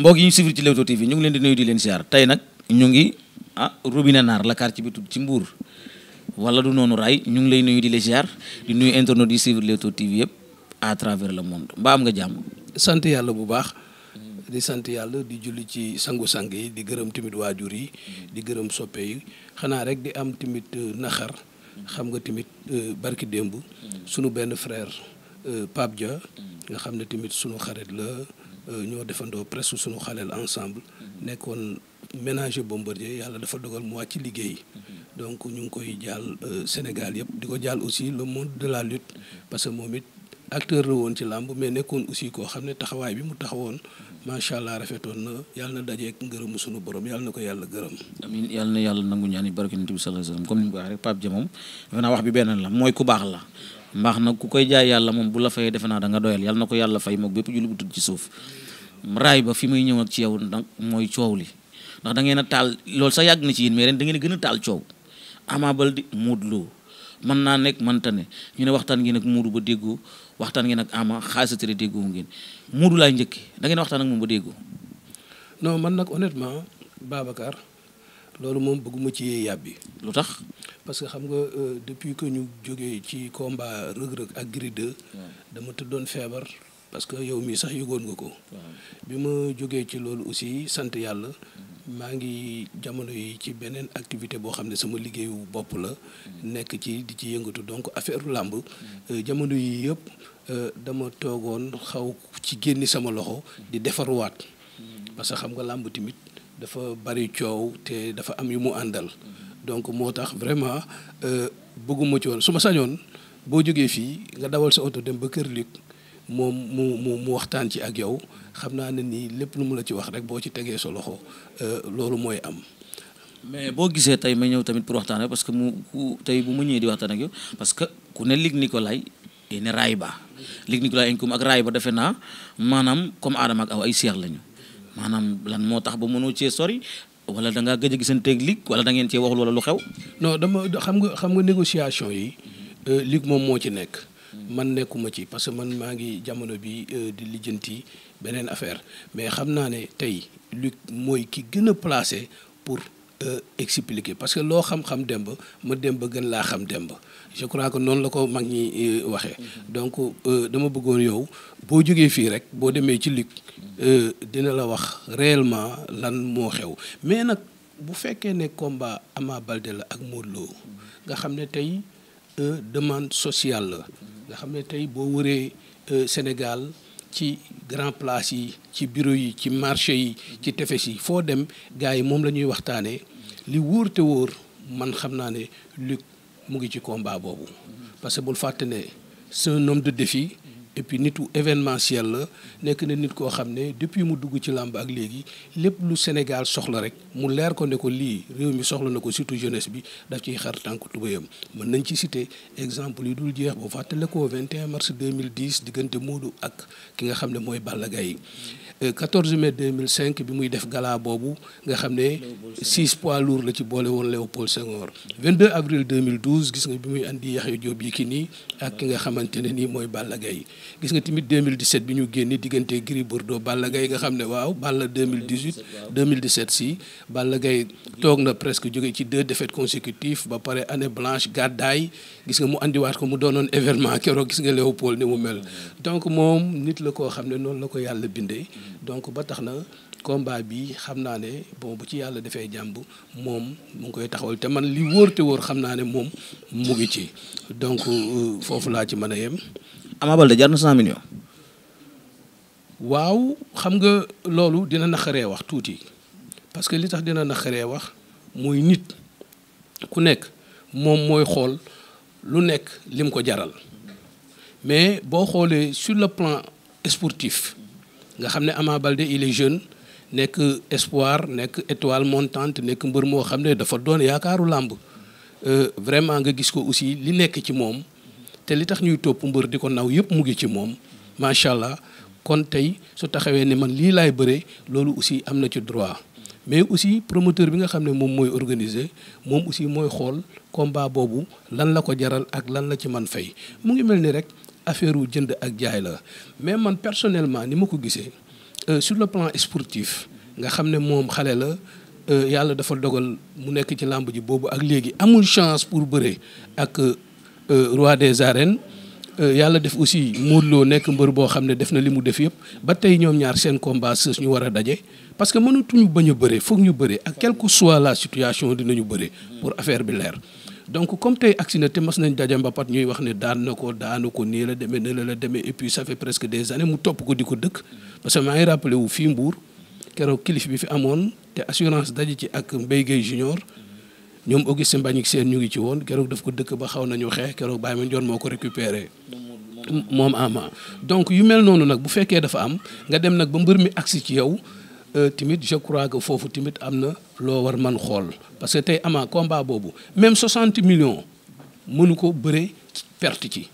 mbokk yi ñu suivre ci Leewtoo TV ñu ngi leen di nuyu di leen siyaar tey nag ñu ngi ah robinet naar la quartier bi tudd ci mbuur wala du noonu raay ñu ngi lay nuy di leen siyaar di nuyu internet yi suivre Leewtoo TV yëpp à travers le monde mbaa am nga jàmm sant yàlla bu baax di sant yàlla di julli ci sangu-sang yi di gërëm tamit waajur yi di gërëm soppe yi xanaa rek di am tamit euh, naxar xam nga tamit euh, barki démb sunu benn frère euh, Pape Dia nga xam ne tamit sunu xarit la Euh, ñoo defandoo presque suñu xaleel ensemble mm-hmm. nekkoon ménager Bombardier yàlla dafa dogal mu wàcc liggéey mm-hmm. donc ñu ngi koy jaal euh, Sénégal yëpp di ko jaal aussi le monde de la lutte mm-hmm. parce que moom it acteur la woon ci làmb mais nekkoon aussi koo xam ne taxawaay bi mu taxawoon macha allah rafetoon na yàlla na dajeeg ngërëmu suñu borom yàlla na ko yàlla gërëm. amiin yàlla na yàlla nangu ñaan yi barke Nabi sallallahu alayhi wasallam comme ni mu ko waxee rek Pape naa wax bi benn la mooy ku baax la. mbaax nag ku koy jaay yàlla moom bu la fayee defe naa da nga doyal yàlla na ko yàlla fay moog bépp julli bu tudd ci suuf raay ba fi muy ñëw ak ci yow nag mooy coow li ndax da ngeen a taal lool sax yàgg na ci yéen mais ren da gën a taal coow Ama Baldé Modou loo mën naa nekk mënta ne ñu ne waxtaan ngeen nag Modou ba déggoo waxtaan nag ngeen ak Ama xaalisatare déggoo ngeen Modou laay njëkk da ngeen waxtaan ak moom ba déggoo. non man nag honnêtement Babacar. loolu moom bëgguma ci yàbbi lu tax parce que xam nga euh, depuis que ñu jóge ci combat rëg-rëg ak Gris 2 dama tëddoon feebar parce que yow mii sax yëgoon nga ko bi ma jógee ci loolu aussi sant yàlla maa ngi jamono yi ci beneen activité boo xam ne sama liggéeyu bopp la nekk ci di ci yëngatu donc affaire làmb euh, jamono yii yëpp euh, dama toogoon xaw ci génni sama loxo di defaruwaat mm. parce que xam nga làmb tamit dafa bari coow te dafa am yu mu àndal donc moo tax vraiment euh, bëgguma ci woon su ma sañoon boo jógee fii nga dawal sa oto dem ba kër Luc moom mu mu mu waxtaan ci ak yow xam naa ne nii lépp lu mu la ci wax rek boo ci tegee sa loxo euh, loolu mooy am. mais boo gisee tey ma ñëw tamit pour waxtaan parce que mu ku tey bu ma ñëwee di waxtaan ak yow parce que ku ne Luc Nicolaï ne Rayba Luc Nicolaï Encom ak Rayba defe naa maanaam comme Adama ak aw ay seex lañu. maanaam lan moo tax ba mënoo cee sori wala da ngaa gëj a gisanteeg ligue wala da ngeen cee waxul wala lu xew. no dama xam nga xam nga négociation yi. Euh, ligue moom moo ci nekk. man nekkuma ci parce que man maa ngi jamono bi euh, di lijjanti beneen affaire mais xam naa ne tey ligue mooy ki gën a placé pour. Euh, expliquer parce que loo xam-xam demb ma demb gën laa xam demb je crois que noonu la ko mag ñi euh, waxee mhm. donc euh, dama bëggoon yow boo jógee fii rek boo demee ci lig dina la wax réellement lan moo xew mais nag bu fekkee ne combat Ama Baldé la ak Modou Lo nga xam ne tey demande sociale la nga xam ne tey boo wëree Sénégal ci grand place yi ci bureau yi ci marché yi ci tefes yi foo dem gars yi moom la ñuy waxtaanee li wóor wóor man xam naa ne Luc mu ngi ci combat boobu parce que bul fàtte ne c'est un homme de défi et puis nitu événementiel la nekk na nit koo xam ne depuis mu dugg ci làmb ak léegi lépp lu Sénégal soxla rek mu leer ko ne ko lii réew mi soxla na ko surtout jeunesse bi daf ciy xar tànk tubéyam mën nañ ci citer exemple yu dul jeex boo fàttale ko 21 mars 2010 diggante Modou ak ki nga xam ne mooy Balla Gaye 14 euh, mai 2005 bi muy def galaa boobu nga xam ne 6 poids lourds la ci boole woon Léopold Senghor 22 avril 2012 gis nga bi muy andi Yaxya Diop nii ak ki nga xamante ne nii mooy Balla Gaye gis nga tamit 2017 bi ñu génne diggante Gris Bordeaux Balla Gaye nga xam ne waaw Balla 2018 2017 si Balla Gaye toog na presque jóge ci deux défaites consécutives ba pare année blanche gàddaay gis nga mu indiwaat ko mu doonoon événement keroog gis nga Léopold ni mu mel donc moom nit la koo xam ne noonu la ko yàlla bindee donc ba tax na combat bii xam naa ne bon bu ci yàlla defee jàmb moom mu ngi koy taxawal te man li wóor te wóor xam naa ne moom mu ngi ci donc euh, foofu laa ci mën a yem Ama Baldé jar na cent waaw xam nga loolu dina naqaree wax tuuti parce que li tax dina naqaree wax muy nit ku nekk moom mooy xool lu nekk lim ko jaral mais boo xoolee sur le plan sportif nga xam ne Ama Baldé il est jeune nekk espoir nekk étoile montante nekk mbër moo xam ne dafa doon yaakaaru làmb euh, vraiment nga gis ko aussi li nekk ci moom. te li tax ñuy topp mbër di ko naw yëpp mu ngi ci moom macha allah kon tey su taxawee ne man lii laay bëree loolu aussi am na ci droit mais aussi promoteur bi nga xam ne moom mooy organiser moom aussi mooy xool combat boobu lan la ko jaral ak lan la ci man fay mu ngi mel ni rek affaire wu jënd ak jaay la mais man personnellement ni ma ko gisee euh, sur le plan sportif nga xam ne moom xale la euh, yàlla dafa dogal mu nekk ci làmb ji boobu ak léegi amul chance pour bëre Euh, roi des arènes euh, yàlla def aussi Modou Lo nekk mbër boo xam ne def na li mu def yëpp ba tey ñoom ñaar seen combat sës ñu war daje parce que mënatuñu bañ a bëre foog ñu bëre ak quelle soit la situation dinañu bëre pour affaire bi leer. donc comme tey agsi na te mas nañ daje mbapat ñuy wax ne daan na ko daanu ko nii la demee ne la la demee et puis ça fait presque des années mu topp ko di ko dëkk parce que maa ngi rappelé wu fii mbuur keroog kilif bi fi amoon te assurance daje ci ak Mbaye Guèye Junior. ñoom Augustin Mbagnick Sène ñu ngi ci woon keroog daf ko dëkk ba xaw nañu xeex keroog Baye Mandione moo ko récupéré moom ama donc yu mel noonu nag bu fekkee dafa am nga dem nag ba mbër mi agsi ci yow euh, timit je crois que foofu timit am na loo war man xool parce que tey amaa combat boobu même 60 millions mënu ko bëre perte ci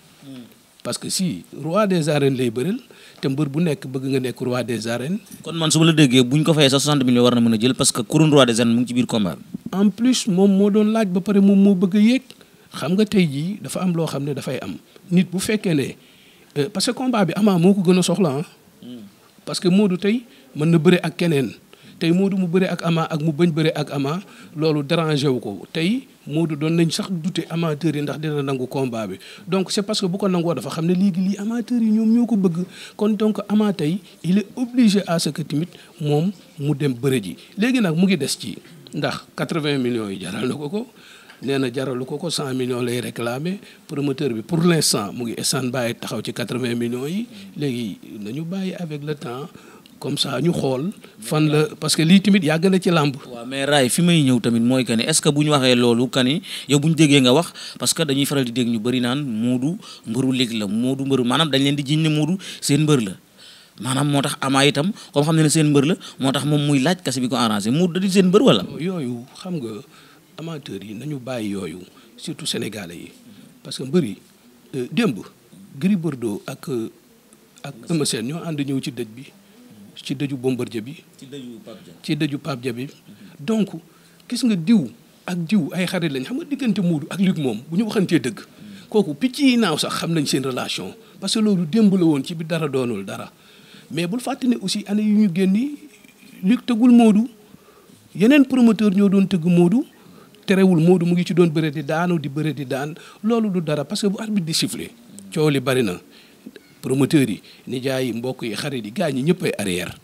parce que si roi des arènes lay bëril te mbër bu nekk bëgg nga nekk roi des arènes kon man su ma la déggee bu ko fayee a jël parce que couronne roi des arènes en plus moom moo doon laaj ba pare moom moo bëgg yéeg xam nga tey jii dafa am loo xam ne dafay am nit bu fekkee ne euh, parce que combat bi Ama moo ko gën a soxla ah. hmm. parce que Modou tey mën na bëre ak keneen tey Modou mu bëre ak Ama ak mu bañ bëre ak Ama loolu dérangé wu ko tey du doon nañ sax douter amateurs yi ndax dina nangu combat bi donc c'est parce que bu ko nangoo dafa xam ne léegi lii amateurs yi ñoom ñoo ko bëgg kon donc Ama tey il est obligé à ce moom mu dem bëre ji léegi nag mu ngi des ci. ndax quatre vingt millions yi jaral na ko ko nee jaralu ko ko cent millions lay réclamer promoteur bi pour l'instant mu ngi essan bàyyi taxaw ci quatre-vingts millions yi léegi nañu bàyyi avec le temps comme ça ñu xool fan la parce que lii tamit yàgg na ci làmb. waaw mais Ray fi may ñëw tamit mooy que ni est-ce que bu ñu waxee loolu que ni yow buñ ñu déggee nga wax parce que dañuy faral di dégg ñu bëri naan Modou mbëru léegi la Modou mbëru maanaam dañ leen di jiñ ne Modou seen mbër la. maanaam moo tax amaa itam comme xam ne seen mbër la moo tax moom muy laaj kase bi ko arrangé mu dadi seen mbër wala yooyu xam nga amateur yi nañu bàyyi yooyu surtout sénégalais yi parce que mbër yi euh, démb Gris Bordeaux ak ak Eumeu Sène ñoo ànd ñëw ci dëj bi ci dëju Bombardier bi ci dëju Pape Dia bi donc gis nga diw ak diw ay xarit lañ xam nga diggante Modou ak moom bu ñu waxantee dëgg kooku picc yi naaw sax xam nañ seen relation parce que loolu démb la woon ci bi dara doonul dara mais bul fàtte ne aussi année yu ñu génni Luc tëggul moodu yeneen promoteur ñoo doon tëgg Modou terewul Modou mu ngi ci doon bëri di daanu di bëre di daan loolu du dara parce que bu arbitre di siffler coow li bari na promoteurs yi nijaay yi mbokk yi xarit yi gaa ñi ñëppay arrière.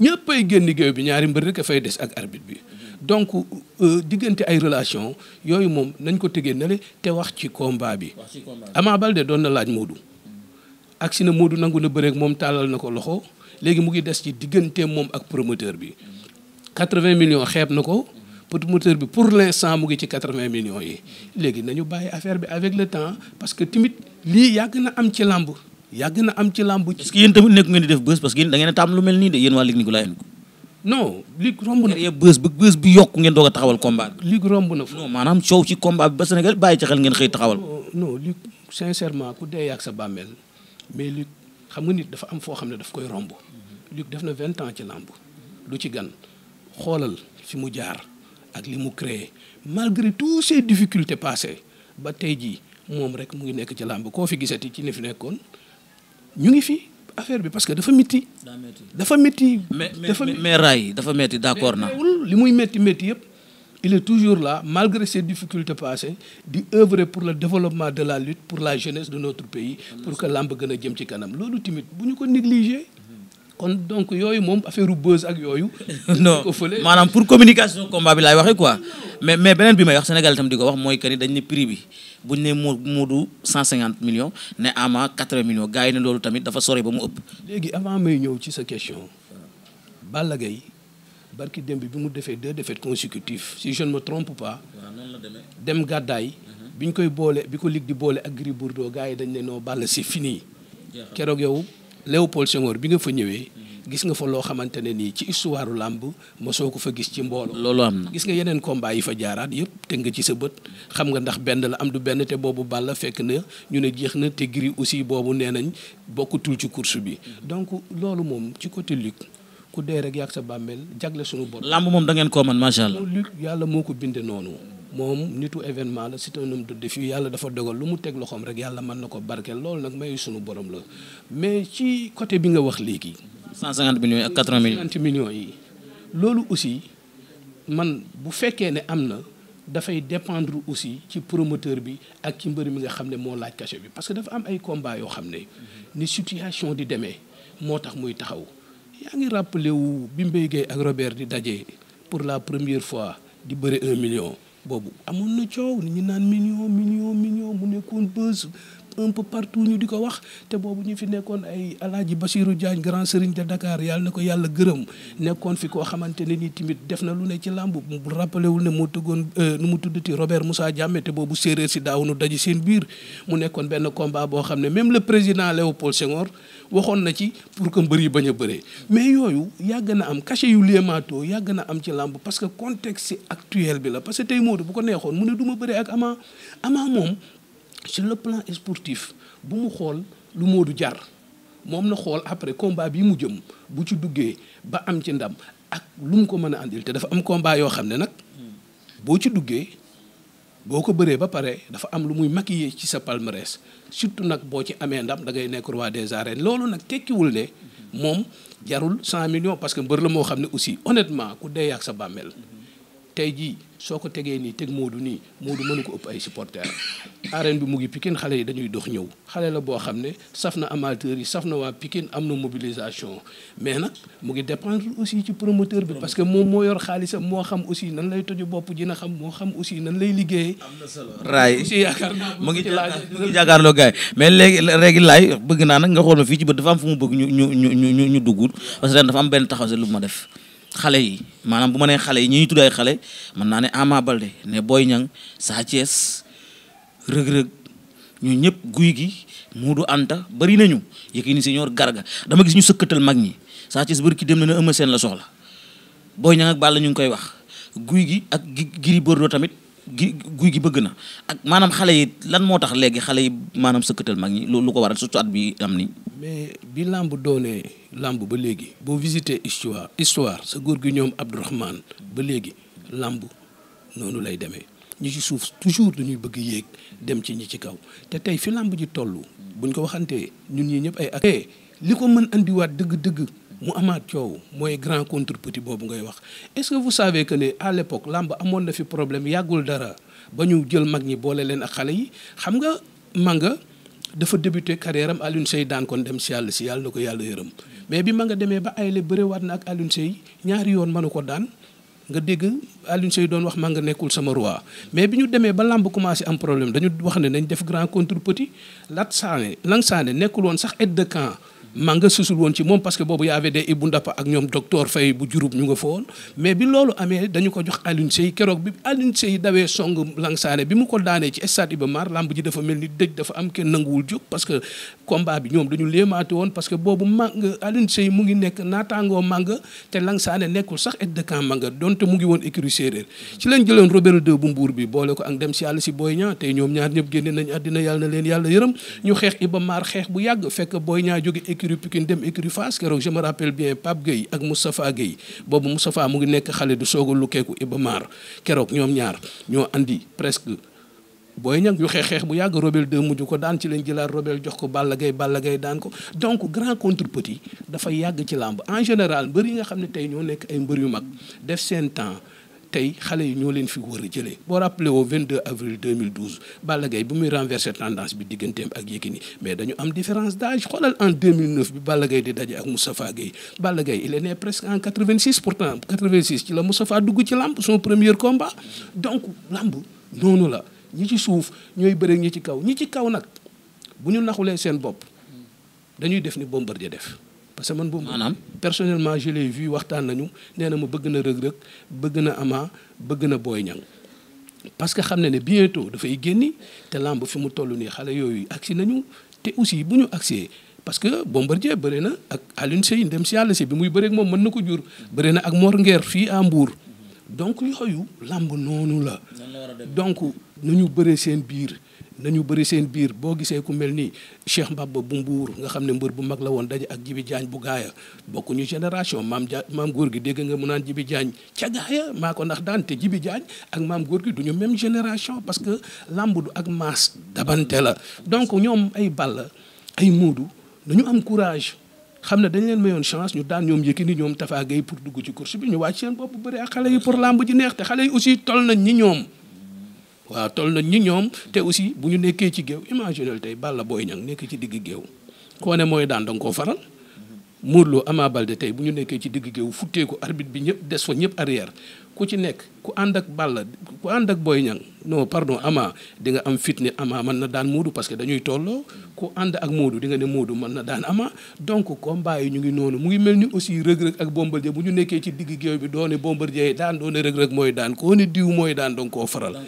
ñëppay génn géew bi ñaari mbër rek a fay des ak arbit bi donc euh, diggante ay relation yooyu moom nañ ko tëggee nale te wax ci komba bi Ama Baldé doon na laaj Modou agsi na Modou nangu na bëreeg moom tàllal na ko loxo léegi mu ngi des ci diggante moom ak promoteur bi 80 millions xeeb na ko promoteur bi pour l'instant mu ngi ci 80 millions yi léegi ñu bàyyi affaire bi avec le temps parce que timit lii yàgg na am ci làmb yàgg na am ci làmb. est-ce que yéen tamit nekk ngeen di def bës parce que yéen da ngeen a taam lu mel nii bës bu bës bi yokk ngeen doog a taxawal combat bi. Ligue romb na fa. non maanaam coow ci combat bi bàyyi ci xel ngeen xëy taxawal. Euh, non Ligue sincèrement ku dee yàgg sa bàmmeel. mais Luc xam nga nit dafa am foo xam ne daf koy romb Luc def na vingt ans ci làmb lu ci gan xoolal fi mu jaar ak li mu créé malgré tous ces difficultés passées ba tey jii moom rek mu ngi nekk ci làmb koo fi gisati ci ni fi nekkoon ñu ngi fi affaire bi parce que dafa métti. dafa métti. dafa métti mais mais yi dafa métti d'accord na. li muy métti métti yëpp. il toujours là, malgré ses difficultés passées, d'œuvrer pour le développement de la lutte pour la jeunesse de notre pays, pour que lamb gën a jëm ci kanam loolu tamit bu ñu ko négliger. kon donc yooyu moom affaire buzz ak yooyu. non maanaam pour communication combat bi laay waxee quoi. mais mais beneen bi may wax Sénégal itam di ko wax mooy que ni dañ ne prix bi buñ ne moo Moodu 150 million ne Ama 80 millions gars yi ne loolu tamit dafa sore ba mu ëpp. léegi avant may ñëw ci sa question. Balla Gaye barki démb bi mu defee deux défaites consécutives si je ne me trompe pas. dem gàddaay. Mhm. bi ñu koy boole bi ko lig di boole ak Gris Bordeaux gars yi dañ ne noo Balla c'est fini. keroog yow Léopold Senghor bi nga fa ñëwee. Mhm. gis nga fa loo xamante ne nii ci histoire làmb ma soo ko fa gis ci mbooloo. loolu gis nga yeneen combat yi fa jaaraat yëpp teg nga ci sa bët xam nga ndax benn la am du benn te boobu Balla fekk na ñu ne jeex na te Gris aussi boobu nee nañ bokkutul ci course bi. Mhm. donc loolu moom ci côté Luc. ku dee rek yàgg sa bàmmeel jagle suñu bor. làmb moom da ngeen koo man macha allah. lu moo ko binde noonu. moom nitu événement la c'est un homme yàlla dafa dogal lu mu teg loxoom rek yàlla mën na ko barkeel loolu nag mayu suñu borom la mais ci côté bi nga wax léegi. 150 millions ak 80 millions 150 millions yi. loolu aussi man bu fekkee ne am na dafay dépendre aussi ci promoteur bi ak ci mbër mi nga xam ne moo laaj cachet bi parce que dafa am ay combat yoo xam ne ni situation di demee moo tax muy taxaw. yaa ngi rappelé wu bi Mbaye Gueye ak di dajee pour la première fois di bëri un million boobu amoon na coow nit ñi naan million million million mu nekkoon buzz un peu partout ñu di ko wax te boobu ñu fi nekkoon ay alaaji Bassirou Diagne grand serigne de dakaar yàlla na ko yàlla gërëm nekkoon fi koo xamante ne nii tamit def na lu ne ci làmb bu rappelé wul ne moo tëggoon euh, nu mu tuddati Robert Moussa Diame te boobu séeréer si daawunu daji seen biir mu nekkoon benn combat boo xam ne même le président Léopold Senghor waxoon na ci pour que mbër yi bañ a bëree mais yooyu yàgg na am cachet yu liemato yàgg na am ci làmb parce que contexte actuel bi la parce que tey Modou bu ko neexoon mu ne du ma bëree ak Ama Ama moom sur le plan sportif bu mu xool lu Modou jar moom na xool après combat bi mu jëm bu ci duggee ba am ci ndam ak lu mu ko mën a andil te dafa am combat yoo xam ne nag boo ci duggee boo ko bëree ba pare dafa am lu muy maquiller ci sa palmarès surtout nag boo ci amee ndam dangay ngay nekk roi des arènes loolu nag tekkiwul ne moom jarul cent millions parce que mbër la moo xam ne aussi honnêtement ku dee yàgg sa bàmmeel tey jii soo ko tegee nii teg Modou nii Modou mënu ko ëpp ay supporters arene bi mu ngi Pikine xale yi dañuy dox ñëw xale la boo xam ne saf na amateur yi saf na waa Pikine am na mobilisation mais nag mu ngi dépendre aussi ci promoteur bi parce que moom moo yor xaalisam moo xam aussi nan lay toju bopp dina xam moo xam aussi nan lay liggéeyee. am na solo raay aussi yaakaar naa mu ngi mu ngi jàkkaarloo gars yi mais léegi léegi laay bëgg naa nag nga xool ma fii ci ba dafa am fu mu bëgg ñu ñu ñu ñu ñu dugg parce que am benn taxaw si lu ma def. xale yi maanaam bu ma nee xale yi ñu ngi tudd ay xale mën naa ne Ama Balde ne booy Niang Sa Thiès rëg-rëg ñu ñëpp guy gi Modou Anta bëri nañu Yékini Senior Garga dama gis ñu sëkkatal mag ñi Sa Thiès ki dem na ne seen la soxla Boy Niang ak Balla ñu ngi koy wax guy gi ak Gris Bordeaux tamit gi guy gi bëgg na ak maanaam xale yi lan moo tax léegi xale yi maanaam sëkkatal mag ñi lu ko waral surtout at bi am niñ mais bi làmb doonee làmb ba léegi boo visité histoire histoire sa góor gi ñoom Abdourahmane ba léegi làmb noonu lay demee ñi ci suuf toujours dañuy bëgg yéeg dem ci ñi ci kaw te tey fi làmb ji toll buñ ko waxantee ñun ñi ñëpp ay ak eh, li ko mën indiwaat dëgg-dëgg mu amaat coow mooy grand contre petit boobu ngay wax est-ce que vous savez que ne à l'époque làmb amoon na fi problème yàggul dara ba ñu jël mag ñi boole leen ak xale yi xam nga manga dafa débuté carrière am Alioune Seye daan kon dem si yàlla si yàlla ko yàlla yërëm mais bi ma nga demee ba ayle waat na ak Alioune Seye ñaari yoon mënu ko daan nga dégg Alioune Seye doon wax maa nga nekkul sama roi mais bi ñu demee ba làmb commencé am problème dañu wax ne nañ def grand contre petit Lat Sané Lang Sané nekkul woon sax et de camp maa nga susul woon ci moom parce que boobu y avait des Ibou Ndappa ak ñoom docteur Faye bu Diouroup ñu nga fa woon mais bi loolu amee dañu ko jox Alioune Seye keroog bi Alioune Seye dawee song Langsane bi mu ko daanee ci stade dafa am kenn nanguwul jóg parce que combat bi ñoom dañu léemaate woon parce que boobu Manga Alioune Seye mu ngi nekk naataangoo Manga te Langsane nekkul sax aide camp Manga donte mu ngi woon écurie séeréer ci lañ jëloon Robert 2 bu mbuur bi boole ko ak dem si yàlla si Boy Niang te ñaar ñëpp génne nañ àddina leen yàlla écurie Pikine dem écurie Fass keroog je me rappelle bien Pape Gueye ak Moustapha Gueye boobu Moustapha mu ngi nekk xale du soog a lukkeeku Iba Mar keroog ñoom ñaar ñoo indi presque booy ñang yu xeex-xeex bu yàgg Robel de mujj ko daan ci lañ jëlaat Robel jox ko Balla Gaye Balla Gaye daan ko donc grand contre petit dafa yàgg ci làmb en général mbër yi nga xam ne tey ñoo nekk ay mbër yu mag def seen temps tey xale yi ñoo leen fi war a jëlee boo rappelé woo 22 avril 2012 Balla Gaye bu muy renverser tendance bi digganteem ak Yékini mais dañu am différence d'âge xoolal en 2009 bi Balla Gaye di daje ak Moustapha Guèye Balla Gaye il est né presque en 86 pourtant 86 ci la Moustapha dugg ci làmb son premier combat donc làmb noonu la ñi ci suuf ñooy bëre ñi ci kaw ñi ci kaw nag bu ñu naxulee seen bopp dañuy def ni Bombardier def. parce que man boobu maanaam personnellement je l'ai waxtaan nañu nee na ma bëgg na rëg-rëg bëgg na Ama bëgg na booy Niang parce que xam na ne bientôt dafay génni te làmb fi mu toll nii xale yooyu agsi nañu te aussi bu ñu agsee parce que Bombardier bëri na ak alin Seye ndem si yàlla si bi muy bëreeg moom mën na ko jur bëri na ak Mor Nguer fii à Mbour donc yooyu làmb noonu la donc nu ñu bëree seen biir nañu bëri seen biir boo gisee ku mel ni Cheikh Mbaba bu Mbuur nga xam ne mbër bu mag la woon daje ak Jibi Jaañ bu gaaya bokkuñu génération maam ja maam góor gi dégg nga mu naan Jibi Jaañ ca gaaya maa ko ndax daan te Jibi Jaañ ak maam góor gi du ñu même génération parce que làmb du ak maas dabante la donc ñoom ay bal la ay Moodu dañu am courage xam ne dañ leen mayoon chance ñu daan ñoom Yékini ñoom Tapha Gueye pour dugg ci course bi ñu wàcc seen bopp bëri xale yi pour làmb ji neex te xale yi aussi toll nañ ñi ñoom waaw toll nañ ñi ñoom te aussi bu ñu nekkee ci géew imaginel tey Balla booy Niang nekk ci digg géew koo ne mooy daan danga koo faral Modou amaa balde tey bu ñu nekkee ci digg géew futteeku arbitre bi ñëpp des fa ñëpp arrière ku ci nekk ku ànd ak Balla ku ànd ak Boy Niang non pardon amaa di nga am fit amaa Ama mën na daan Modou parce que dañuy tolloo ku ànd ak Modou di nga ne Modou mën na daan Ama donc combat yi ñu ngi noonu mu ngi mel ni aussi rëg-rëg ak Bombardier bu ñu nekkee ci diggu géew bi doone Bombardier daan doone rëg-rëg mooy daan koo ne diw mooy daan donc koo faral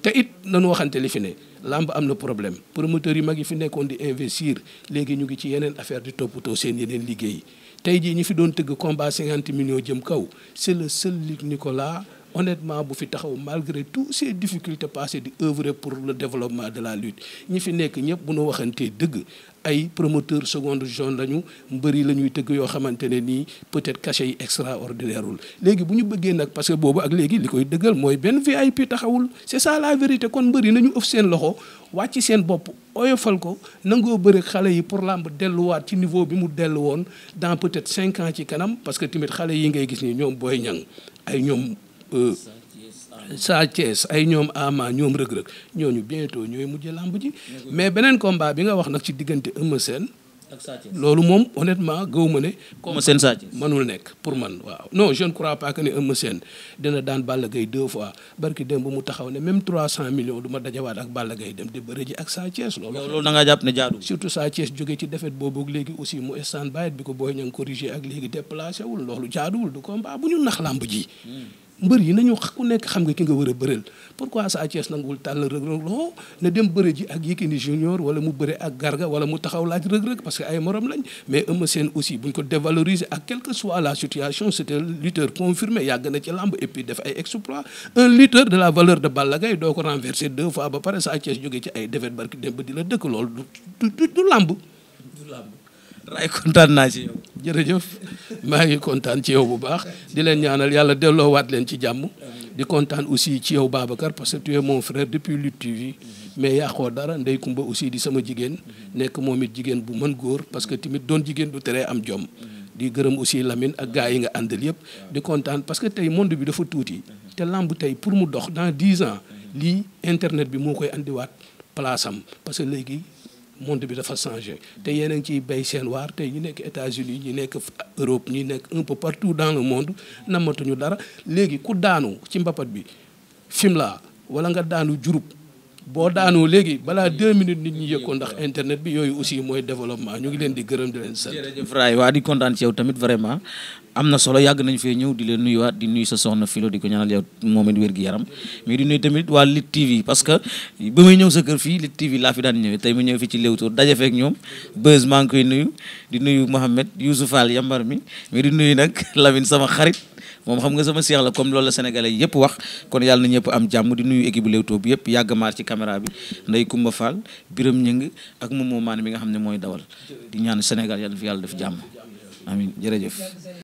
te it nanu waxante li fi ne làmb am na problème promoteur yi mag yi fi nekkoon di investir léegi ñu ngi ci yeneen affaire di toppatoo seen yeneen liggéey tey jii ñi fi doon tëgg combat cinquante millions jëm kaw c'est le seul Luc Nicolas honnêtement bu fi taxaw malgré toutes ces difficultés passées di œuvrer pour le développement de la lutte ñi fi nekk ñëpp bu ñu waxantee dëgg ay promoteur seconde zone lañu mbëri la ñuy tëgg yoo xamante ne nii peut-être cachet yi extraordinaire wul léegi bu ñu bëggee nag parce que boobu ak léegi li koy dëggal mooy benn VIP taxawul c'est ça la vérité kon mbëri nañu ëf seen loxo wàcc seen bopp oyofal ko nangoo bëri xale yi pour làmb delluwaat ci niveau bi mu dellu woon dans peut-être cinq ci kanam parce que tamit xale yi ngay gis ñoom booy ñang ay ñoom Sa Thiès ay ñoom Ama ñoom rëg-rëg ñooñu bientôt ñooy mujj làmb ji mais beneen combat bi nga wax nag ci diggante Eumeu Sène loolu moom honnêtement gëw ma ne. Eumeu Sène Sa Thiès mënul nekk pour man waaw no je ne crois pas que ne Eumeu Sène dina daan Balla Gaye deux fois barki dem ba mu taxaw ne même 300 millions du ma dajawaat ak Balla Gaye dem de bëre ak Sa Thiès loolu. na da ngaa jàpp ne jaadu. surtout Sa Thiès jóge ci défaite boobu léegi aussi mu instant bàyyit bi ko mbër yi nañu ku nekk xam nga ki nga war a bëreel pourquoi Sa Thiès nanguwul tàll Reug Reug loo na dem bëre ji ak Yékini junior wala mu bëre ak Garga wala mu taxaw laaj Reug Reug parce que ay morom lañ mais Eumeu Sène aussi buñ ko dévaloriser ak quelle soit la situation c'était lutteur confirmé yàgg na ci làmb et puis def ay exploit un lutteur de la valeur de Balla Gaye doo ko renverser deux fois ba pare Sa Thiès jógee ci ay défaite barki dem ba di la dëkk loolu raay kontaan naa ci yow. jërëjëf maa ngi kontaan ci yow bu baax di leen ñaanal yàlla delloowaat leen ci jàmm. di kontaan aussi ci yow Babacar parce que tu es mon frère depuis Lutte TV mais yàqoo dara Ndey Kumba aussi di sama jigéen nekk moom it jigéen bu mën góor parce que tamit doon jigéen du teree am jom. di gërëm aussi lamin ak gars yi nga àndal yëpp di kontaan parce que tey monde bi dafa tuuti te lamb tey pour mu dox dans dix ans lii internet bi moo koy andiwaat place am parce que léegi. monde bi dafa changé te yéen a ngi ciy béy seen waar te ñu nekk États-Unis ñu nekk Europe ñu nekk un peu partout dans le monde namatuñu dara léegi ku daanu ci mbappat bi Fimela wala nga daanu Diouroup boo daanoo léegi balaa deux minutes nit ñi yëg ndax internet bi yooyu aussi mooy développement ñu ngi leen di gërëm di leen sant. jërëjëf Raay waa di kontaan ci yow tamit vraiment am na solo yàgg nañ fee ñëw di leen nuyuwaat di nuyu sa soxna Filo di ko ñaanal yow moom it gi yaram mais di nuyu tamit waa Lit TV parce que ba may ñëw sa kër fii Lit TV laa fi daan ñëwee tey mu ñëw fii ci Leewtoo daje feek ñoom Beuz maa ngi koy nuyu di nuyu Mohamed Youssouf Fall yambar mi mais di nuyu nag Lamine sama xarit. moom xam nga sama seex la comme lool la sénégalais yëpp wax kon yàlla na ñëpp am jàmm di nuyu équipe Leewtoo bi yëpp yàgg maar ci caméra bi nday Kumba Fall Biram Ñëng ak moom moo maane bi nga xam ne mooy dawal di ñaan Sénégal yàlla fi yàlla def jàmm amin jërëjëf